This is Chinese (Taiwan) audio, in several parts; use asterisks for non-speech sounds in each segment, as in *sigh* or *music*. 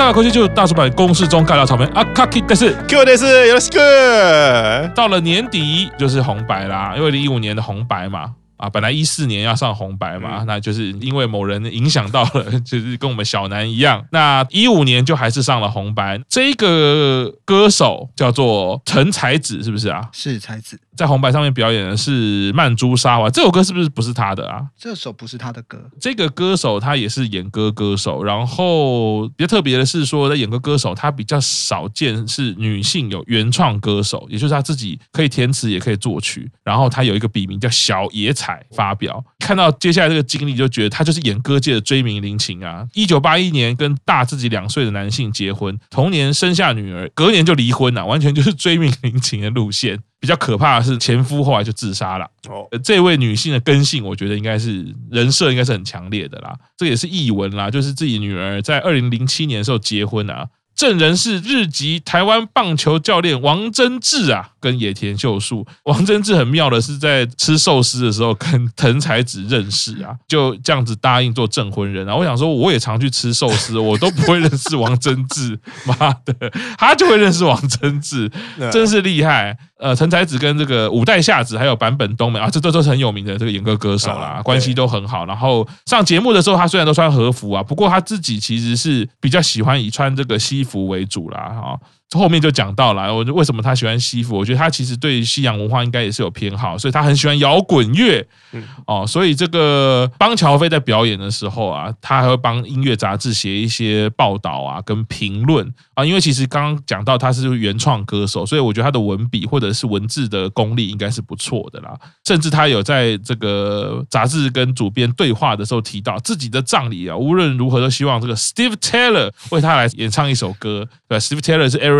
那過去就大叔坂工事中蓋到草莓啊，卡奇 e s Q 電視、尤斯克，到了年底就是紅白啦，因為一五年的紅白嘛，啊，本來一四年要上紅白嘛，嗯、那就是因為某人影響到了，就是跟我們小南一樣，那一五年就還是上了紅白。這個歌手叫做陳才子，是不是啊？是才子。在紅白上面表演的是《曼珠沙華》，這首歌是不是不是他的啊？這首不是他的歌。這個歌手他也是演歌歌手，然後比較特別的是說，在演歌歌手，他比較少見是女性有原創歌手，也就是他自己可以填詞也可以作曲，然後他有一個筆名叫小野彩發表。看到接下來這個經歷，就覺得她就是演歌界的椎名林檎啊！一九八一年跟大自己兩歲的男性結婚，同年生下女兒，隔年就離婚了，啊，完全就是椎名林檎的路線。比較可怕的是，前夫後來就自殺了。哦，這位女性的根性，我覺得應該是人設，應該是很強烈的啦。這也是異聞啦，就是自己女兒在二零零七年的時候結婚啊。證人是日籍台灣棒球教練王貞治啊，跟野田秀樹。王貞治很妙的是，在吃壽司的時候跟藤彩子認識啊，就這樣子答應做證婚人啊。我想說，我也常去吃壽司，我都不會認識王貞治，媽的，他就會認識王貞治，真是厲害。呃，陳才子跟這個五代夏子，還有坂本冬美啊，這都都是很有名的這個演歌歌手啦，關係都很好。然後上節目的時候，他雖然都穿和服啊，不過他自己其實是比較喜歡以穿這個西服為主啦，哈。後面就講到了，我就為什麼他喜歡西服？我覺得他其實對西洋文化應該也是有偏好，所以他很喜歡搖滾樂。嗯、哦，所以這個邦喬飛在表演的時候啊，他還會幫音樂雜誌寫一些報道啊跟評論啊。因為其實剛剛講到他是原創歌手，所以我覺得他的文筆或者是文字的功力應該是不錯的啦。甚至他有在這個雜誌跟主編對話的時候提到，自己的葬禮啊，無論如何都希望這個 Steve Taylor 為他來演唱一首歌。對 *laughs* ，Steve Taylor 是。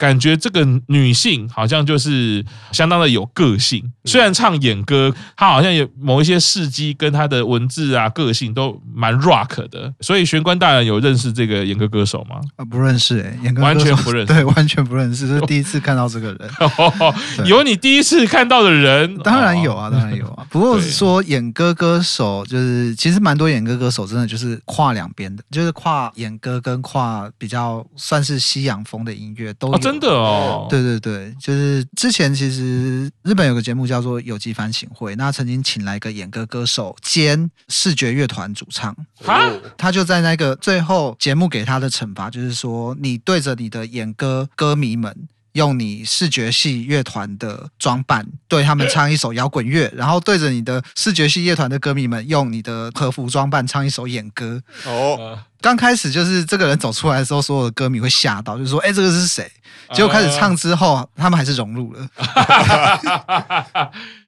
感覺這個女性好像就是相當的有個性，雖然唱演歌，她好像有某一些事蹟跟她的文字啊個性都蠻 rock 的。所以玄關大人有認識這個演歌歌手嗎？啊、呃，不認識哎、欸，演歌歌手完全不認識，對，完全不認識，就是第一次看到這個人。哦，有你第一次看到的人，對當然有啊，當然有啊。不過說演歌歌手，就是其實蠻多演歌歌手真的就是跨兩邊的，就是跨演歌跟跨比較算是西洋風的音樂都有。真的哦，對對對，就是之前其實日本有個節目叫做《有機反省會》，那曾經請來一個演歌歌手兼視覺樂團主唱，蛤他就在那個最後節目給他的懲罰就是說，你對着你的演歌歌迷們。用你視覺系樂團的裝扮對他們唱一首搖滾樂，呃、然後對着你的視覺系樂團的歌迷們用你的和服裝扮唱一首演歌。哦，剛開始就是這個人走出來的時候，所有的歌迷會嚇到，就是說，哎、欸，這個是誰？呃、結果開始唱之後，他們還是融入了。 *laughs* *laughs*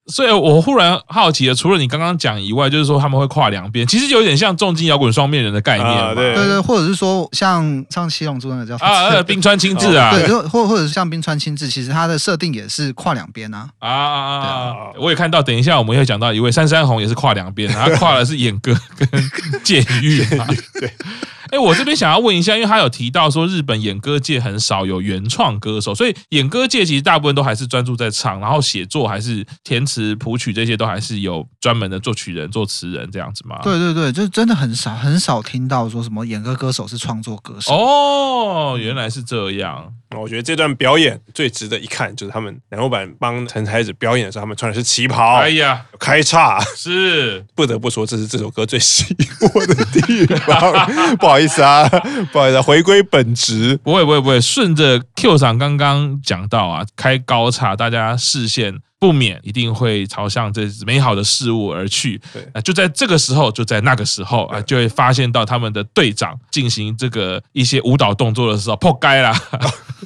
所以，我忽然好奇了，除了你剛剛講以外，就是說他們會跨兩邊，其實有點像重金搖滾雙面人的概念嘛？啊對，啊對，對對，或者是說像像七龍珠那、這個叫、啊啊、對冰川清志啊，對，或或者是像冰川清志，其實它的設定也是跨兩邊啊啊啊！啊我也看到，等一下我們也會講到一位三山紅也是跨兩邊、啊，她跨的是演歌跟劍玉。啊，對。哎、欸，我這邊想要問一下，因為他有提到說日本演歌界很少有原創歌手，所以演歌界其實大部分都還是專注在唱，然後寫作還是填詞譜曲這些都還是有專門的作曲人、作詞人這樣子嗎？對對對，就真的很少很少聽到說什麼演歌歌手是創作歌手。哦，原來是這樣。那、嗯、我覺得這段表演最值得一看就是他們南投版幫陳才子表演的時候，他們穿的是旗袍，哎呀，開叉。是。不得不說這是這首歌最吸引我的地方，不好意思。不好意思，啊， *laughs* 不好意思、啊，回歸本職，不會不會不會，順着 Q 桑剛剛講到啊，開高差，大家視線。不免一定會朝向這美好的事物而去。對，就在這個時候，就在那個時候啊，就會發現到他們的隊長進行這個一些舞蹈動作的時候，撲街啦。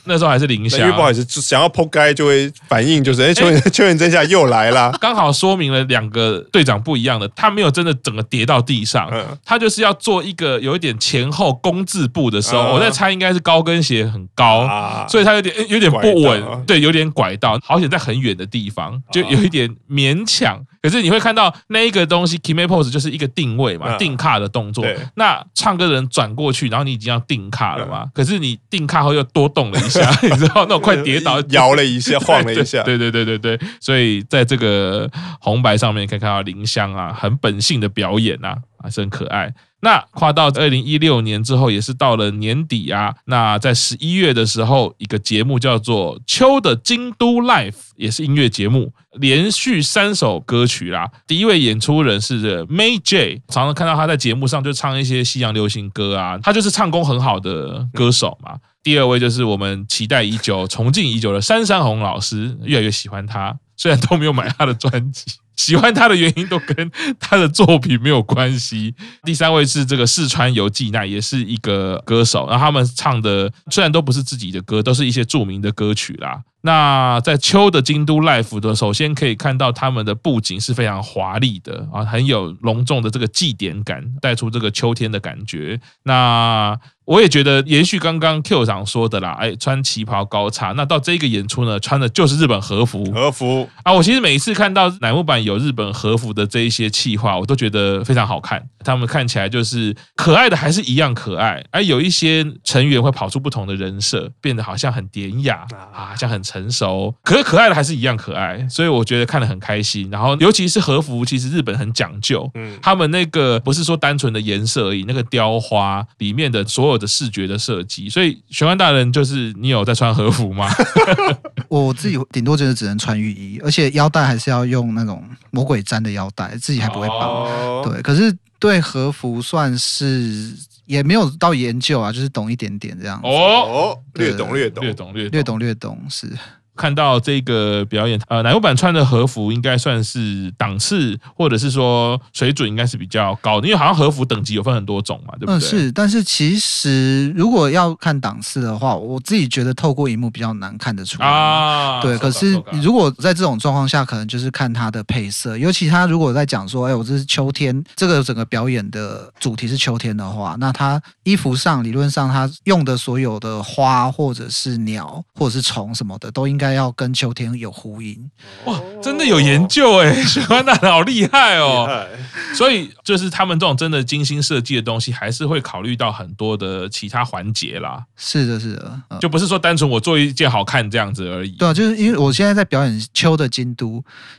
那時候還是玲香，不好意思，想要撲街就會反應就是哎，秋元秋元真夏又來了，剛好說明了兩個隊長不一樣的。他沒有真的整個跌到地上，他就是要做一個有一點前後弓字步的時候，我在猜應該是高跟鞋很高，所以他有點有點不穩，對，有點拐到，好險在很遠的地方。就有一點勉強，可是你會看到那個東西，Kime pose 就是一個定位嘛，定卡的動作。那唱歌的人轉過去，然後你已經要定卡了嘛，可是你定卡後又多動了一下，你知道那種快跌倒搖了一下、晃了一下，對對對對對,對。所以在這個紅白上面可以看到玲香啊，很本性的表演吶、啊。還是很可愛。那跨到二零一六年之後，也是到了年底啊。那在十一月的時候，一個節目叫做《秋的京都 Life》，也是音樂節目，連續三首歌曲啦。第一位演出人是這 May J.，常常看到他在節目上就唱一些西洋流行歌啊，他就是唱功很好的歌手嘛。嗯、第二位就是我們期待已久、崇敬已久的山山紅老師，越來越喜歡他，雖然都沒有買他的專輯。 *laughs* 喜歡他的原因都跟他的作品沒有關係。第三位是這個四川游記，那也是一個歌手。然後他們唱的雖然都不是自己的歌，都是一些著名的歌曲啦。那在秋的京都 life 的，首先可以看到他們的布景是非常華麗的啊，很有隆重的這個祭典感，帶出這個秋天的感覺。那我也覺得延續剛剛 Q 長說的啦，哎、欸，穿旗袍高叉，那到這個演出呢，穿的就是日本和服，和服啊。我其實每一次看到乃木坂有日本和服的這一些企劃，我都覺得非常好看。他們看起來就是可愛的，還是一樣可愛。哎、欸，有一些成員會跑出不同的人設，變得好像很典雅啊，像很，成熟，可是可愛的還是一樣可愛，所以我覺得看得很開心。然後尤其是和服，其實日本很講究，嗯，他們那個不是說單純的顏色而已，那個雕花裡面的所有的視覺的設計。所以玄幻大人就是你有在穿和服嗎？ *laughs* 我自己頂多就是只能穿浴衣，而且腰帶還是要用那種魔鬼粘的腰帶，自己還不會綁。哦、對，可是對和服算是。也沒有到研究啊，就是懂一點點這樣子。哦，對略懂略懂，略懂略懂略懂略懂是。看到這個表演，呃，乃木坂穿的和服應該算是檔次，或者是說水準應該是比較高的，因為好像和服等級有分很多種嘛，對不對？呃、是，但是其實如果要看檔次的話，我自己覺得透過螢幕比較難看得出來。啊，對。啊、可是如果在這種狀況下，可能就是看它的配色，尤其他如果在講說，哎、欸，我這是秋天，這個整個表演的主題是秋天的話，那它衣服上理論上它用的所有的花或者是鳥或者是蟲什麼的都應該。要跟秋天有呼應哇，真的有研究哎、欸，喜歡達好厲害哦，害喔、害，所以就是他們這種真的精心設計的東西，還是會考慮到很多的其他環節啦。是的，是的，呃、就不是說單純我做一件好看這樣子而已。對啊，就是因為我現在在表演《秋的京都》，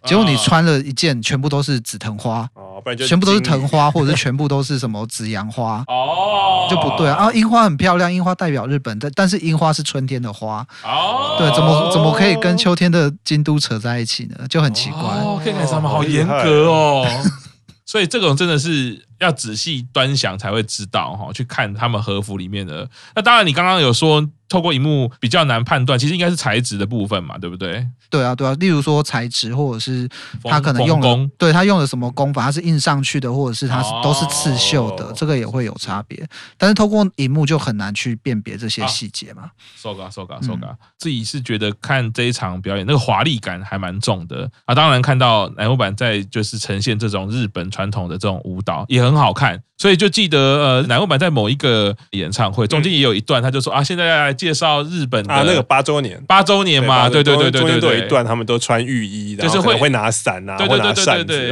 結果你穿了一件全部都是紫藤花哦，不然就全部都是藤花，或者是全部都是什麼紫陽花哦，就不對啊。啊、櫻花很漂亮，櫻花代表日本，但但是櫻花是春天的花哦，對，怎麼怎麼，可以跟秋天的京都扯在一起呢，就很奇怪。哦，可以看他們好嚴格哦， *laughs* 所以這種真的是。要仔細端詳才會知道哈，去看他們和服裡面的。那當然，你剛剛有說透過熒幕比較難判斷，其實應該是材質的部分嘛，對不對？對啊，對啊，例如說材質，或者是他可能用了，工對他用了什麼工法，他是印上去的，或者是他是都是刺繡的，哦、這個也會有差別。但是透過熒幕就很難去辨別這些細節嘛。So ga，So ga，So ga、啊、自己是覺得看這一場表演那個華麗感還蠻重的啊。當然看到乃木坂在就是呈現這種日本傳統的這種舞蹈也。很好看，所以就記得呃，乃木坂在某一個演唱會中間也有一段，他就說啊，現在要來介紹日本的那個八周年，八周年嘛，對對對對對，中間都有一段他們都穿浴衣的，就是會會拿傘啊，對對對對對，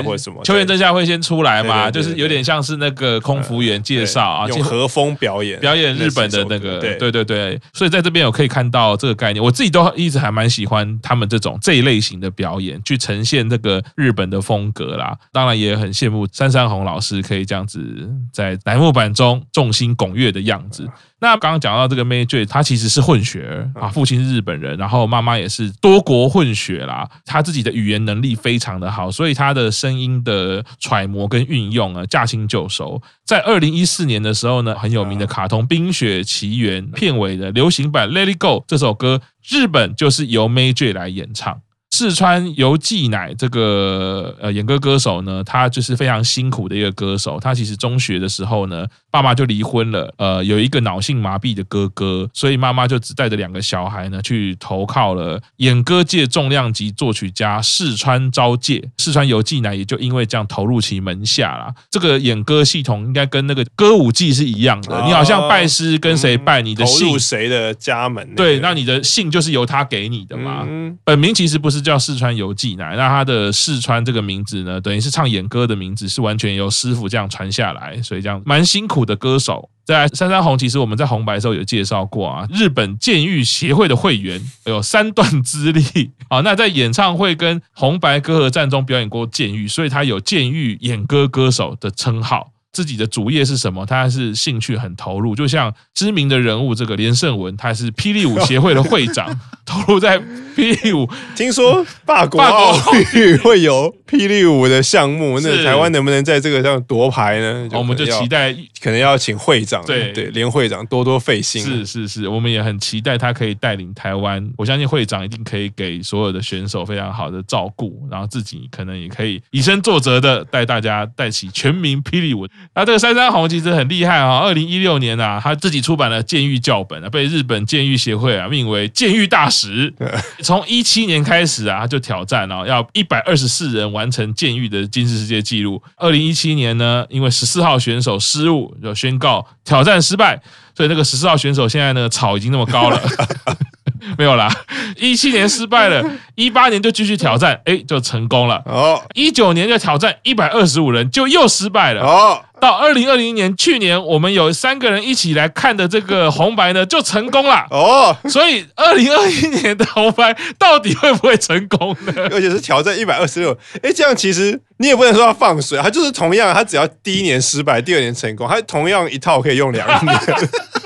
或者什麼秋元真夏會先出來嘛，就是有點像是那個空服員介紹啊，用和風表演，表演日本的那個，對對對，所以在這邊有可以看到這個概念，我自己都一直還蠻喜歡他們這種這一類型的表演，去呈現這個日本的風格啦，當然也很羨慕山山紅老師可以。這樣子在乃木坂中眾星拱月的樣子。那剛剛講到這個 May J.，他其實是混血兒啊，父親是日本人，然後媽媽也是多國混血啦。他自己的語言能力非常的好，所以他的聲音的揣摩跟運用啊駕輕就熟。在二零一四年的時候呢，很有名的卡通《冰雪奇緣》片尾的流行版《Let It Go》這首歌，日本就是由 May J. 來演唱。四川遊記乃這個呃，演歌歌手呢，他就是非常辛苦的一個歌手。他其實中學的時候呢。爸媽，媽就離婚了，呃，有一個腦性麻痹的哥哥，所以媽媽就只帶着兩個小孩呢，去投靠了演歌界重量級作曲家四川昭介。四川游記男也就因為這樣投入其門下啦。這個演歌系統應該跟那個歌舞伎是一樣的，哦、你好像拜師跟誰拜，你的姓、嗯、投入誰的家門、那個。對，那你的姓就是由他給你的嘛。嗯、本名其實不是叫四川游記男，那他的四川這個名字呢，等於是唱演歌的名字，是完全由師傅這樣傳下來，所以這樣蠻辛苦的。的歌手在三山宏，其實我們在紅白的時候有介紹過啊，日本劍玉協會的會員有、哎、三段資歷啊，那在演唱會跟紅白歌合戰中表演過劍玉，所以他有劍玉演歌歌手的稱號。自己的主業是什麼？他是興趣很投入，就像知名的人物這個連勝文，他是霹靂舞協會的會長， *laughs* 投入在霹靂舞。聽說巴黎奧運，巴黎奧運會有霹靂舞的項目，是那台灣能不能在這個上奪牌呢？我們就期待，可能要請會長，對對，連會長多多費心。是是是，我們也很期待他可以帶領台灣。我相信會長一定可以給所有的選手非常好的照顧，然後自己可能也可以以身作則的帶大家帶起全民霹靂舞。那這個山山紅其實很厲害啊！二零一六年啊，他自己出版了《劍玉教本》啊，被日本劍玉協會啊命為劍玉大使。從一七年開始啊，他就挑戰啊，要一百二十四人完成劍玉的金氏世,世界紀錄。二零一七年呢，因為十四號選手失誤，就宣告挑戰失敗。所以那個十四號選手現在呢，草已經那麼高了。 *laughs* 沒有啦，一七年失敗了，一八年就繼續挑戰，哎、欸，就成功了。哦，一九年就挑戰一百二十五人，就又失敗了。哦，oh. 到二零二零年，去年我們有三個人一起來看的這個紅白呢，就成功了。哦，oh. 所以二零二一年的紅白到底會不會成功呢？而且是挑戰一百二十六，哎、欸，這樣其實你也不能說他放水，他就是同樣，他只要第一年失敗，第二年成功，他同樣一套可以用兩年。 *laughs*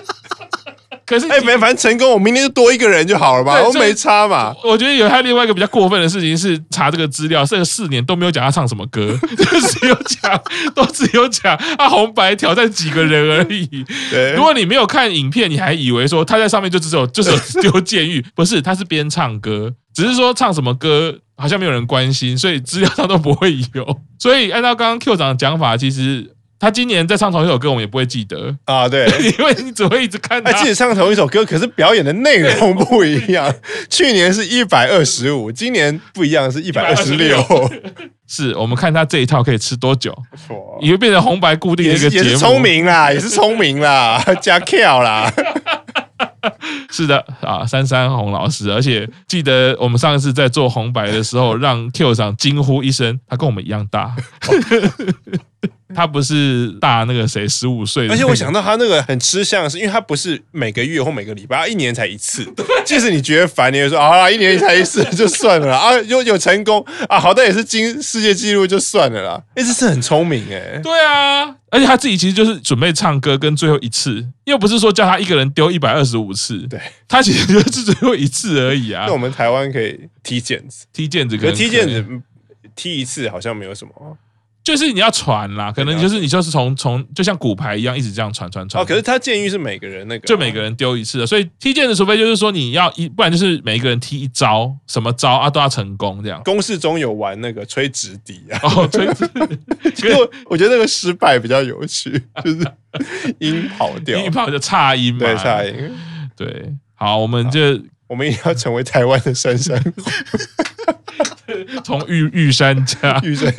可是哎，沒反正成功，我明天就多一個人就好了吧？都沒差嘛。我覺得有他另外一個比較過分的事情是查這個資料，甚至四年都沒有講他唱什麼歌，就只有講，都只有講他紅白挑戰幾個人而已。對如果你沒有看影片，你還以為說他在上面就只有就是有丟監獄， *laughs* 不是，他是邊唱歌，只是說唱什麼歌好像沒有人關心，所以資料上都不會有。所以按照剛剛 Q 長的講法，其實。他今年再唱同一首歌，我們也不會記得啊。對，因為你只會一直看他，記得唱同一首歌，可是表演的內容不一樣。去年是一百二十五，今年不一樣是，是一百二十六。是我們看他這一套可以吃多久，你會變成紅白固定一個節目也。也是聰明啦，也是聰明啦，加 Q 啦。 *laughs* 是的啊，三山紅老師，而且記得我們上一次在做紅白的時候， *laughs* 讓 Q 長驚呼一聲，他跟我們一樣大。 *laughs* 他不是大那個誰十五歲。而且我想到他那個很吃香的是因為他不是每個月或每個禮拜，他一年才一次， *laughs* 即使你覺得煩，你也說啊，一年才一次就算了啦，啊，有有成功啊，好歹也是金世界紀錄就算了啦。哎、欸，這是很聰明哎、欸，對啊，而且他自己其實就是準備唱歌跟最後一次，又不是說叫他一個人丟一百二十五次，對，他其實就是最後一次而已啊。那我們台灣可以踢毽子，踢毽子可，可，以可踢毽子踢一次好像沒有什麼。就是你要傳啦，可能就是你就是從從就像骨牌一樣一直這樣傳傳傳。哦，可是他劍玉是每個人那個，就每個人丟一次的，所以踢毽子除非就是說你要一，不然就是每個人踢一招，什麼招啊都要成功這樣。公式中有玩那個吹直笛啊？然後、哦、吹直其實我，跟我覺得那個失敗比較有趣，就是 *laughs* 音跑掉，音跑就差音嘛，對，差音。對，好，我們就我們也要成為台灣的山山。 *laughs* 從玉玉山家，玉山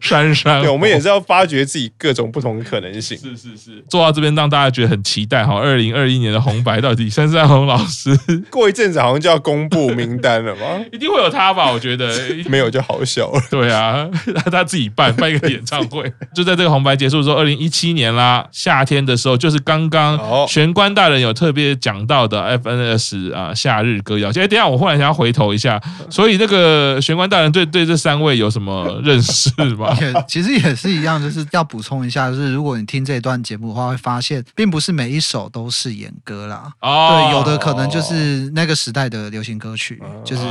珊珊，對，我們也是要發掘自己各種不同的可能性。是是是，坐到這邊讓大家覺得很期待哈。二零二一年的紅白到底珊珊紅老師過一陣子好像就要公布名單了嘛， *laughs* 一定會有他吧？我覺得 *laughs* 沒有就好笑了。對啊，讓他自己辦辦一個演唱會。就在這個紅白結束之後，二零一七年啦，夏天的時候就是剛剛玄關大人有特別講到的 FNS 啊，夏日歌謠。哎，等下我忽然想要回頭一下，所以那個玄關大人對,對。對這三位有什麼認識嗎？ *laughs* 也，其實也是一樣，就是要補充一下，就是如果你聽這一段節目的話，會發現並不是每一首都是演歌啦。啊，oh, 對，有的可能就是那個時代的流行歌曲，oh. 就是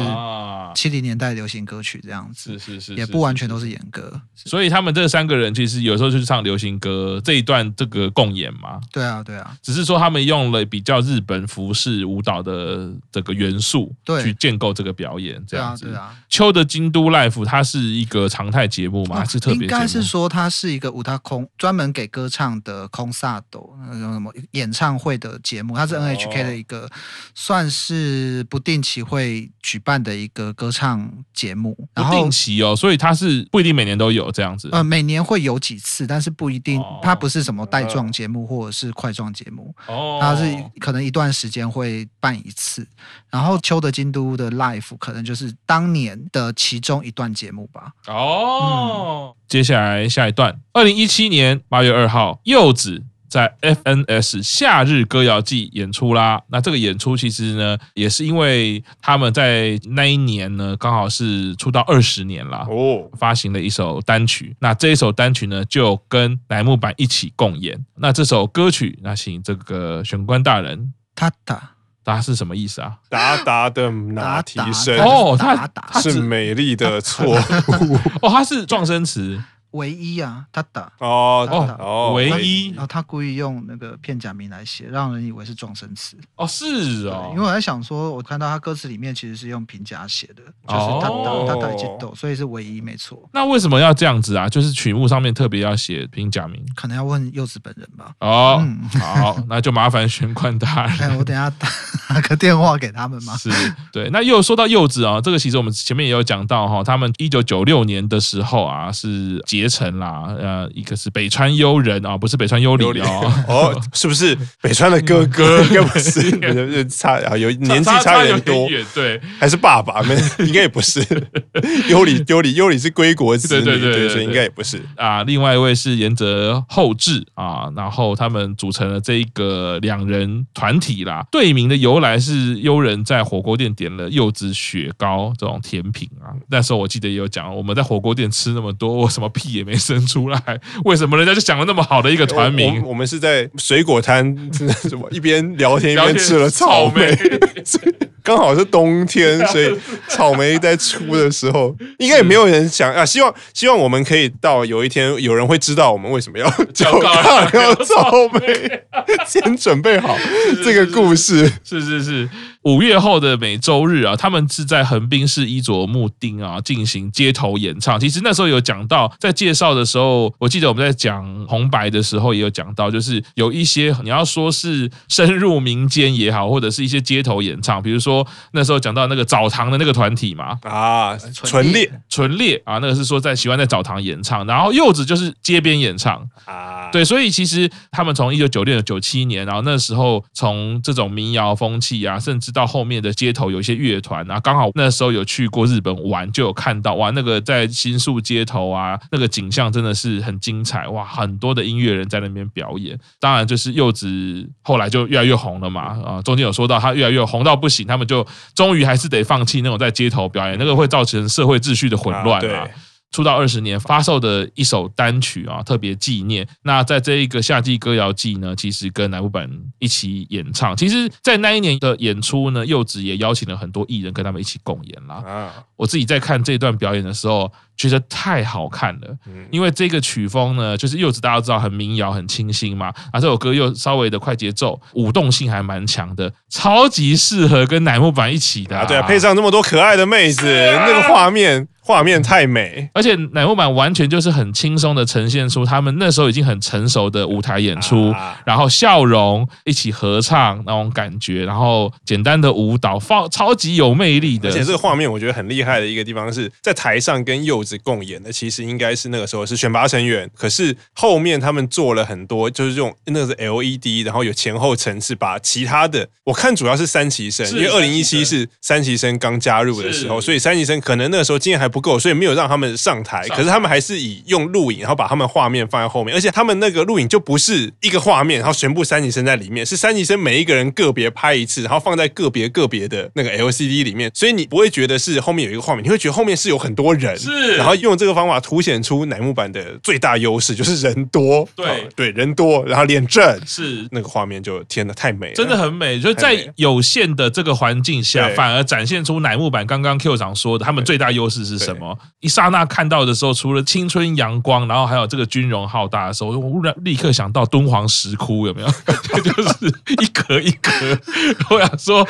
七零年代流行歌曲這樣子。是是是，也不完全都是演歌。所以他們這三個人其實有時候就是唱流行歌這一段這個共演嘛。對啊對啊，對啊，只是說他們用了比較日本服飾舞蹈的這個元素，對，去建構這個表演這樣子。對啊，對啊，秋的京都。Life，它是一個常態節目嗎？是特別？應該是說，它是一個舞台空，專門給歌唱的空薩斗那種什麼演唱會的節目。它是 NHK 的一個，哦、算是不定期會舉辦的一個歌唱節目。然後不定期哦，所以它是不一定每年都有這樣子。呃，每年會有幾次，但是不一定，哦、它不是什麼帶狀節目或者是塊狀節目。哦，它是可能一段時間會辦一次。然後秋的京都的 Life，可能就是當年的其中一段節目吧。哦，接下來下一段，二零一七年八月二號，柚子在 FNS 夏日歌謠祭演出啦。那這個演出其實呢，也是因為他們在那一年呢，剛好是出道二十年啦，哦，oh. 發行了一首單曲。那這一首單曲呢，就跟乃木坂一起共演。那這首歌曲，那請這個玄關大人，Tata 達是什麼意思啊？達達的馬蹄聲哦，它，它是美麗的錯誤哦，它是狀聲詞。唯一啊，他、哦、打，打哦、哦唯一，然後他，他故意用那個片假名來寫，讓人以為是撞生詞哦，是哦，因為我在想說，我看到他歌詞裡面其實是用平假寫的，就是他他打激鬥，所以是唯一沒錯。那為什麼要這樣子啊？就是曲目上面特別要寫平假名，可能要問柚子本人吧。哦，嗯、好，好，那就麻煩玄關大人， *laughs* 哎、我等一下打，打個電話給他們嘛。是，對，那又說到柚子啊、哦，這個其實我們前面也有講到哈、哦，他們一九九六年的時候啊是結。結成啦，呃，一個是北川悠仁啊，哦，不是北川悠理禮哦，哦， *laughs* 是不是北川的哥哥？哥應該不是， *laughs* 差有年紀差有點多，對，還是爸爸們應該也不是。悠理悠理悠理是歸國子女對對對，對對對，對，應該也不是啊。另外一位是岩澤厚治啊，然後他們組成了這一個兩人團體啦。隊名的由來是悠仁在火鍋店點了柚子雪糕這種甜品啊，那時候我記得也有講，我們在火鍋店吃那麼多，我什麼屁。也沒生出來，為什麼人家就想了那麼好的一個團名我我？我們是在水果攤什麼一邊聊天一邊吃了草莓，剛 *laughs* 好是冬天，所以草莓在出的時候，應該也沒有人想是啊。希望希望我們可以到有一天有人會知道我們為什麼要叫大聊草莓，先準備好這個故事。是，是是是。是是是五月後的每周日啊，他們是在橫濱市伊佐木町啊進行街頭演唱。其實那時候有講到，在介紹的時候，我記得我們在講紅白的時候也有講到，就是有一些你要說是深入民間也好，或者是一些街頭演唱，比如說那時候講到那個澡堂的那個團體嘛，啊，純烈純烈啊，那個是說在喜歡在澡堂演唱，然後柚子就是街邊演唱啊，對，所以其實他們從一九九六九七年，然後那時候從這種民謠風氣啊，甚至到後面的街頭有一些樂團啊，剛好那時候有去過日本玩，就有看到哇，那個在新宿街頭啊，那個景象真的是很精彩哇，很多的音樂人在那邊表演。當然就是柚子後來就越來越紅了嘛啊，中間有說到他越來越紅到不行，他們就終於還是得放棄那種在街頭表演，那個會造成社會秩序的混亂啊。啊出道二十年發售的一首單曲啊，特別紀念。那在這一個夏季歌謠祭呢，其實跟乃木坂一起演唱。其實，在那一年的演出呢，柚子也邀請了很多藝人跟他們一起共演啦。啊、我自己在看這段表演的時候，覺得太好看了。嗯、因為這個曲風呢，就是柚子大家都知道很民謠、很清新嘛，啊，這首歌又稍微的快節奏，舞動性還蠻強的，超級適合跟乃木坂一起的、啊。啊對啊，配上那麼多可愛的妹子，啊、那個畫面。畫面太美，而且乃木坂完全就是很輕鬆的呈現出他們那時候已經很成熟的舞台演出，啊、然後笑容、一起合唱那種感覺，然後簡單的舞蹈，超超級有魅力的。而且這個畫面我覺得很厲害的一個地方是在台上跟柚子共演的，其實應該是那個時候是選拔成員，可是後面他們做了很多，就是用那個是 LED，然後有前後層次，把其他的我看主要是三期生，的因為二零一七是三期生剛加入的時候，的所以三期生可能那個時候經驗還。不夠，所以沒有讓他們上台。上台，可是他們還是以用錄影，然後把他們畫面放在後面。而且他們那個錄影就不是一個畫面，然後全部三期生在裡面，是三期生每一個人個別拍一次，然後放在個別個別的那個 LCD 裡面。所以你不會覺得是後面有一個畫面，你會覺得後面是有很多人。是，然後用這個方法凸顯出乃木坂的最大優勢，就是人多。對、哦、對，人多，然後臉正。是那個畫面就天吶，太美了，真的很美。就在有限的這個環境下，反而展現出乃木坂剛剛 Q 長說的他們最大優勢是什麼？什麼？對一剎那看到的時候，除了青春陽光，然後還有這個軍容浩大的時候，我忽然立刻想到敦煌石窟，有沒有？ *laughs* 就是一格一格， *laughs* 我想說，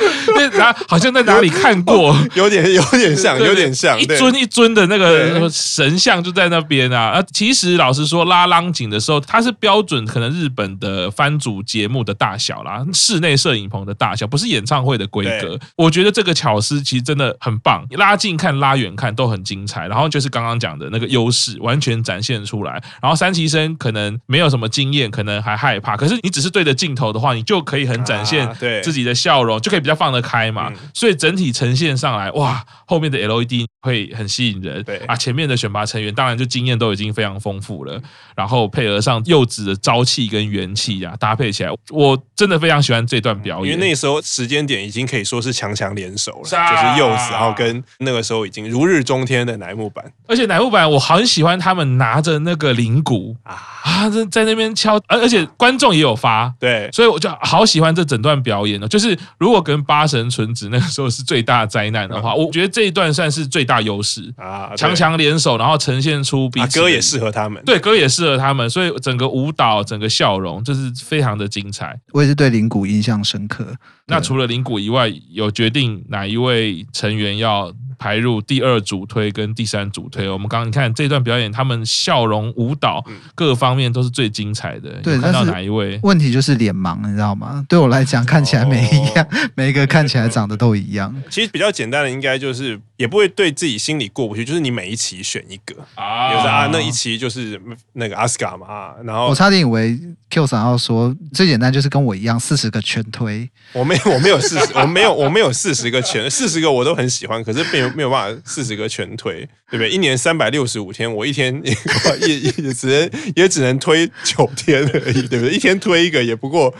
那好像在哪裡看過，有，哦、有點有點，對有點像，有點像一尊一尊的那個神像就在那邊啊。啊，其實老實說，拉浪景的時候，它是標準可能日本的番組節目的大小啦，室內攝影棚的大小，不是演唱會的規格。對我覺得這個巧思其實真的很棒，拉近看，拉遠看都很精彩，然後就是剛剛講的那個優勢完全展現出來。然後三期生可能沒有什麼經驗，可能還害怕。可是你只是對着鏡頭的話，你就可以很展現自己的笑容，啊、就可以比較放得開嘛。嗯、所以整體呈現上來，哇，後面的 LED 會很吸引人。對啊，前面的選拔成員當然就經驗都已經非常豐富了。然後配合上柚子的朝氣跟元氣呀、啊，搭配起來，我真的非常喜歡這段表演。因為那時候時間點已經可以說是強強聯手了，是啊、就是柚子，然後跟那個時候已經如日中天。的乃木坂，而且乃木坂我好很喜歡他們拿着那個鈴鼓啊、啊，在那邊敲，而而且觀眾也有發，對，所以我就好喜歡這整段表演呢。就是如果跟八神純子那個時候是最大災難的話，嗯、我覺得這一段算是最大優勢啊，強強聯手，然後呈現出比、啊、歌也適合他們，對，歌也適合他們，所以整個舞蹈、整個笑容就是非常的精彩。我也是對鈴鼓印象深刻。那除了鈴鼓以外，有決定哪一位成員要排入第二主推跟第三主推，我們剛剛看這段表演，他們笑容、舞蹈各方面都是最精彩的。嗯、看到哪一位？問題就是臉盲，你知道嗎？對我來講，看起來沒一樣，哦、每一個看起來長得都一樣。其實比較簡單的，應該就是也不會對自己心裡過不去，就是你每一期選一個啊，有的啊，那一期就是那個阿斯卡嘛。然後我差點以為。Q 想要說：“最簡單就是跟我一樣，四十個全推。我沒，我，沒40，我沒有，我沒有四十，我沒有，我沒有四十個全，四十個我都很喜歡，可是沒有沒有辦法，四十個全推，對不對？一年三百六十五天，我一天也也也，也只能也只能推九天而已，對不對？一天推一個，也不過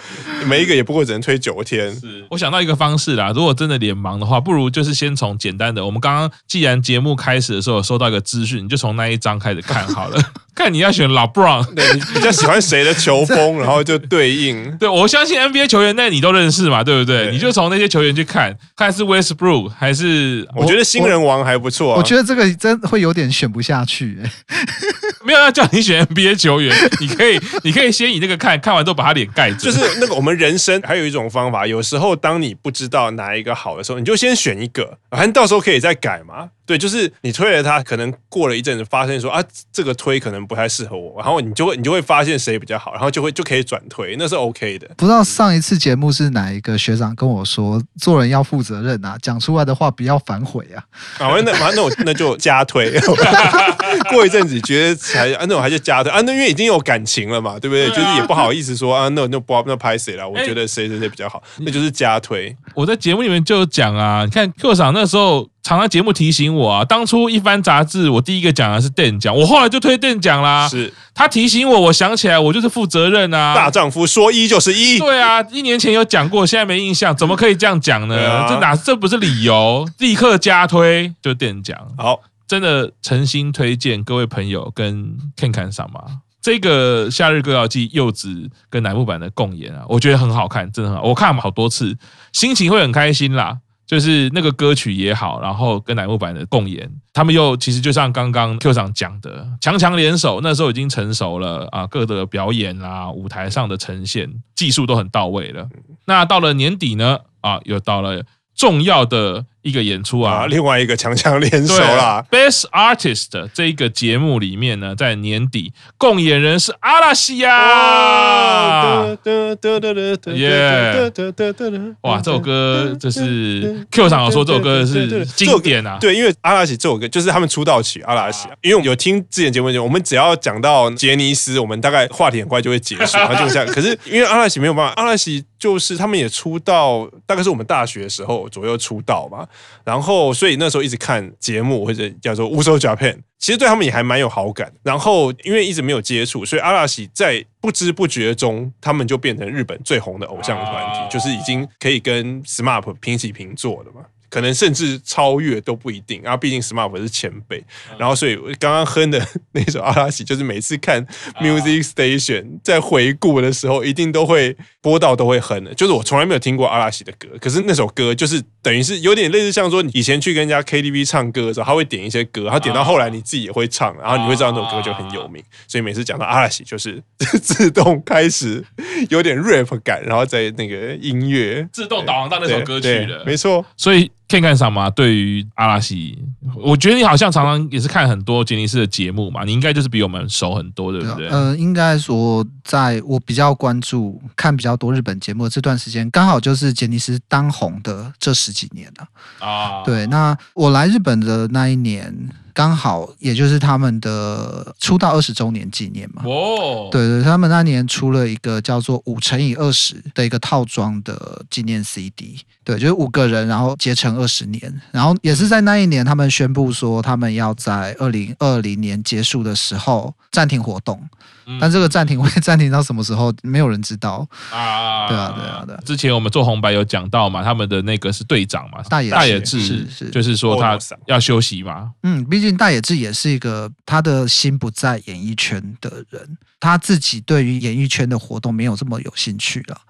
每一個也不過只能推九天。是，我想到一個方式啦，如果真的臉盲的話，不如就是先從簡單的。我們剛剛既然節目開始的時候有收到一個資訊，你就從那一張開始看好了。” *laughs* 看你要選 LeBron，對，你比較喜歡誰的球風？ *laughs* 對然後就對應。對，我相信 NBA 球員，那你都認識嘛，對不對？對你就從那些球員去看，看是 Westbrook 還是？我,我覺得新人王還不錯啊我。我覺得這個真會有點選不下去。 *laughs* 沒有要叫你選 NBA 球員，你可以，你可以先以那個看，看完都把他臉蓋住。就是那個我們人生還有一種方法，有時候當你不知道哪一個好的時候，你就先選一個，反正到時候可以再改嘛。對，就是你推了他，可能過了一陣子，發現說啊，這個推可能不太適合我，然後你就會你就會發現誰比較好，然後就會就可以轉推，那是 OK 的。不知道上一次節目是哪一個學長跟我說，做人要負責任啊，講出來的話不要反悔啊。啊，那那我那就加推， *laughs* *laughs* 過一陣子覺得才啊，那我還是加推啊，那因為已經有感情了嘛，對不對？對啊，就是也不好意思說啊，那那，那，那不那拍誰了？我覺得誰誰誰，誰比較好，欸、那就是加推。我在節目裡面就講啊，你看課長那時候。常常節目提醒我啊，當初一翻雜誌，我第一個講的是電獎，我後來就推電獎啦，啊。是，他提醒我，我想起來，我就是負責任啊，大丈夫說一就是一。對啊，一年前有講過，現在沒印象，怎麼可以這樣講呢？嗯啊，這哪這不是理由？立刻加推，就電獎。好，真的誠心推薦各位朋友跟看看上吧。這個《夏日歌謠祭》柚子跟乃木坂版的共演啊，我覺得很好看，真的很好。我看了好多次，心情會很開心啦。就是那個歌曲也好，然後跟乃木坂的共演，他們又其實就像剛剛 Q 長講的，強強聯手，那時候已經成熟了啊，各的表演啊，舞台上的呈現，技術都很到位了。那到了年底呢，啊，又到了重要的。一個演出啊，啊，另外一個強強聯手啦對。Best Artist 這一個節目裡面呢，在年底共演人是阿拉西亞、啊。耶哇！Yeah 哇，這首歌就是 Q 上說這首歌是經典啊。對，因為阿拉西這首歌就是他們出道曲。阿拉西，因為我們有聽之前節目，就我們只要講到傑尼斯，我們大概話題很快就會結束， *laughs* 然後就像可是因為阿拉西沒有辦法，阿拉西就是他們也出道，大概是我們大學的時候左右出道嘛。然後，所以那時候一直看節目或者叫做《烏洲 Japan》，其實對他們也還蠻有好感。然後因為一直沒有接觸，所以阿拉西在不知不覺中，他們就變成日本最紅的偶像團體，就是已經可以跟 SMAP 平起平坐了嘛。可能甚至超越都不一定，然後畢竟 SMAP 是前輩，嗯、然後所以剛剛哼的那首阿拉西，就是每次看 Music Station、啊、在回顧的時候，一定都會播到，都會哼的。就是我從來沒有聽過阿拉西的歌，可是那首歌就是等於是有點類似像說你以前去跟人家 KTV 唱歌的時候，他會點一些歌，他點到後來你自己也會唱，然後你會知道那首歌就很有名。所以每次講到阿拉西，就是自動開始有點 rap 感，然後在那個音樂自動導航到那首歌曲的。沒錯，所以。可以看什麼？Ama, 對於阿拉西，我覺得你好像常常也是看很多杰尼斯的節目嘛，你應該就是比我們熟很多，對不對？嗯、呃，應該說，在我比較關注看比較多日本節目這段時間，剛好就是傑尼斯當紅的這十幾年了啊。哦、對，那我來日本的那一年。剛好也就是他們的出道二十周年紀念嘛，對對，他們那年出了一個叫做《五乘以二十》的一個套裝的紀念 CD，對，就是五個人然後結成二十年，然後也是在那一年，他們宣布說他們要在二零二零年結束的時候暫停活動。嗯、但這個暫停會暫停到什麼時候？沒有人知道啊！對啊，對啊，對、啊。之前我們做紅白有講到嘛，他們的那個是隊長嘛，大野，大野智是，就是說他要休息嘛、哦。嗯，畢竟大野智也是一個他的心不在演藝圈的人，他自己對於演藝圈的活動沒有這麼有興趣了、啊。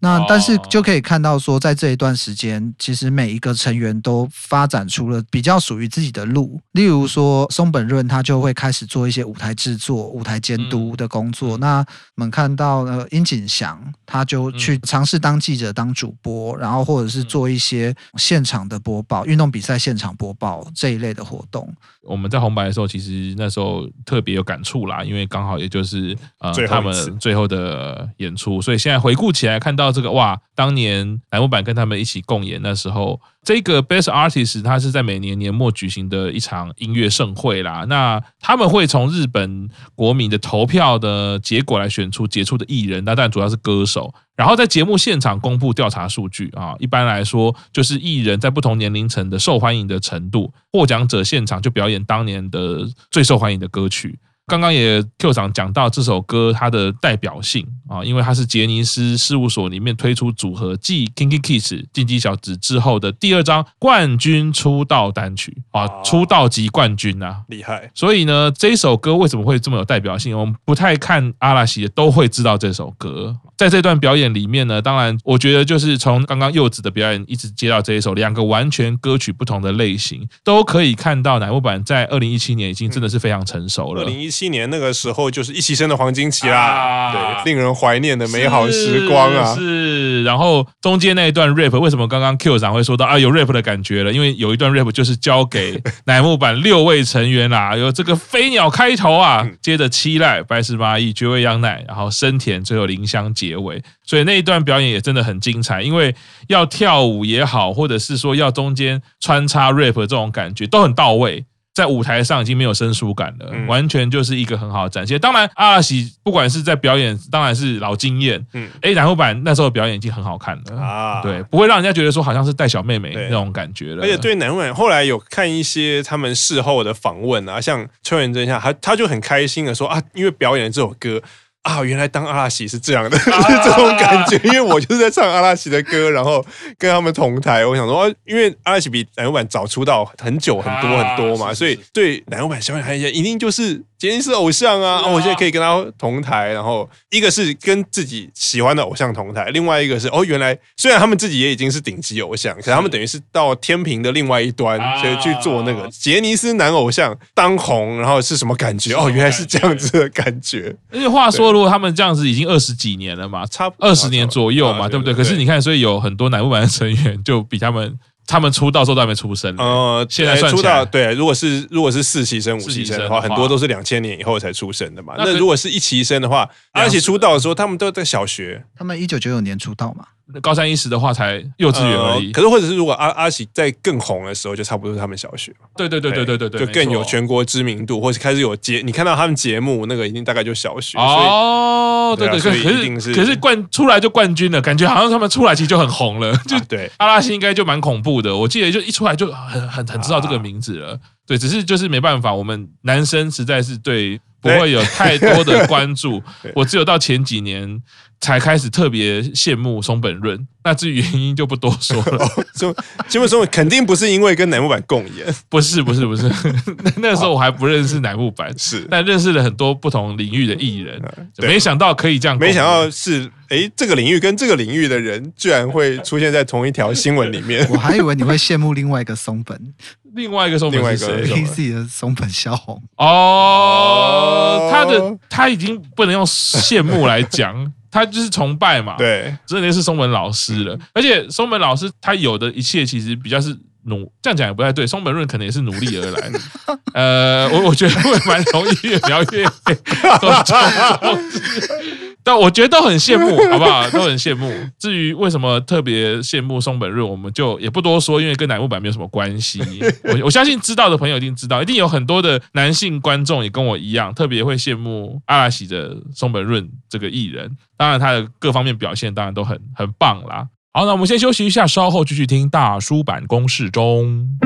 那但是就可以看到說，在這一段時間，其實每一個成員都發展出了比較屬於自己的路。例如說，松本潤他就會開始做一些舞台製作、舞台監督的工作。嗯、那我們看到呃，櫻井翔他就去嘗試當記者、當主播，然後或者是做一些現場的播報、運動比賽現場播報這一類的活動。我們在紅白的時候，其實那時候特別有感觸啦，因為剛好也就是呃他們最後的演出，所以現在回顧起來看到。這個哇，當年乃木坂跟他們一起共演那時候，這個 Best Artist 他是在每年年末舉行的一場音樂盛會啦。那他們會從日本國民的投票的結果來選出傑出的藝人，那但主要是歌手。然後在節目現場公布調查數據啊，一般來說就是藝人在不同年齡層的受歡迎的程度。獲獎者現場就表演當年的最受歡迎的歌曲。剛剛也 Q 廠講到這首歌它的代表性啊，因為它是傑尼斯事務所裡面推出組合繼 Kinki Kids 近畿小子之後的第二張冠軍出道單曲啊，出道即冠軍吶，厲害！所以呢，這首歌為什麼會這麼有代表性？我們不太看阿拉西的都會知道這首歌。在這段表演裡面呢，當然我覺得就是從剛剛柚子的表演一直接到這一首，兩個完全歌曲不同的類型，都可以看到乃木坂在二零一七年已經真的是非常成熟了。二零一七。今年那個時候就是一起生的黃金期啦，啊啊，對，令人懷念的美好時光啊是是！是，然後中間那一段 rap，為什麼剛剛 Q 長會說到啊有 rap 的感覺了？因為有一段 rap 就是交給乃木坂六位成員啦，啊， *laughs* 有這個飛鳥開頭啊，嗯、接着七瀨、白石麻衣、堀未央奈，然後生田，最後玲香結尾，所以那一段表演也真的很精彩。因為要跳舞也好，或者是說要中間穿插 rap 這種感覺，都很到位。在舞台上已經沒有生疏感了，嗯、完全就是一個很好的展現。當然，阿、啊、喜不管是在表演，當然是老經驗。嗯，哎，然後版那時候的表演已經很好看了啊，對，不會讓人家覺得說好像是帶小妹妹那種感覺了。對，而且對南，對於男後版，後來有看一些他們事後的訪問啊，像秋元真夏，他他就很開心的說啊，因為表演了這首歌。啊，原來當阿拉西是這樣的，啊、 *laughs* 是這種感覺。因為我就是在唱阿拉西的歌， *laughs* 然後跟他們同台。我想說、啊，因為阿拉西比乃木坂早出道很久很多很多嘛，啊，是是是，所以對乃木坂影響還一些，一定就是。傑尼斯偶像啊，我現在可以跟他同台。然後一個是跟自己喜歡的偶像同台，另外一個是哦，原來雖然他們自己也已經是頂級偶像，可是他們等於是到天平的另外一端，所以去做那個傑尼斯男偶像當紅，然後是什麼感覺？哦，原來是這樣子的感覺。而且話說，如果他們這樣子已經二十幾年了嘛，差二十年左右嘛，對不對？可是你看，所以有很多乃木坂的成員就比他們。他們出道的時候都還沒出生呃，現在出道對，如果是如果是四期生、五期生的話，的話很多都是兩千年以後才出生的嘛。那，那如果是一期生的話，而且出道的時候他們都在小學。他們一九九九年出道嘛？高山一實的話，才幼稚園而已，嗯。可是，或者是如果阿阿喜在更紅的時候，就差不多是他們小學嘛。對對對對對對，對，對就更有全國知名度，錯或是開始有節，你看到他們節目，那個已經大概就小學。哦，所以對，對對，對，啊，是可是，可是冠出來就冠軍了，感覺好像他們出來其實就很紅了。就，啊，對，阿拉西應該就蠻恐怖的。我記得就一出來就很很很知道這個名字了。啊，對，只是就是沒辦法，我們男生實在是對不會有太多的關注。對 *laughs* 對我只有到前幾年。才開始特別羨慕松本潤，那至於原因就不多說了。 *laughs* 哦、松，其實松本肯定不是因為跟乃木坂共演，不是不是不是。那時候我還不認識乃木坂是，但認識了很多不同領域的藝人，是沒想到可以這樣。沒想到是，哎，這個領域跟這個領域的人居然會出現在同一條新聞裡面。 *laughs* 我還以為你會羨慕另外一個松本，另外一個松本是誰？P C 的松本小紅。哦，他的，他的，他已經不能用羨慕來講。 *laughs* 他就是崇拜嘛，對，真的是松本老師了。而且松本老師他有的一切，其實比較是。努這樣講也不太對，松本潤可能也是努力而來的。 *laughs* 呃，我我覺得會蠻容易表演， *laughs* 但我覺得都很羨慕，好不好？都很羨慕。 *laughs* 至於為什麼特別羨慕松本潤，我們就也不多說，因為跟乃木坂沒有什麼關係。我我相信知道的朋友一定知道，一定有很多的男性觀眾也跟我一樣，特別會羨慕阿拉西的松本潤這個藝人。當然，他的各方面表現當然都很很棒啦。好，那我們先休息一下，稍後繼續聽大叔坂工事中。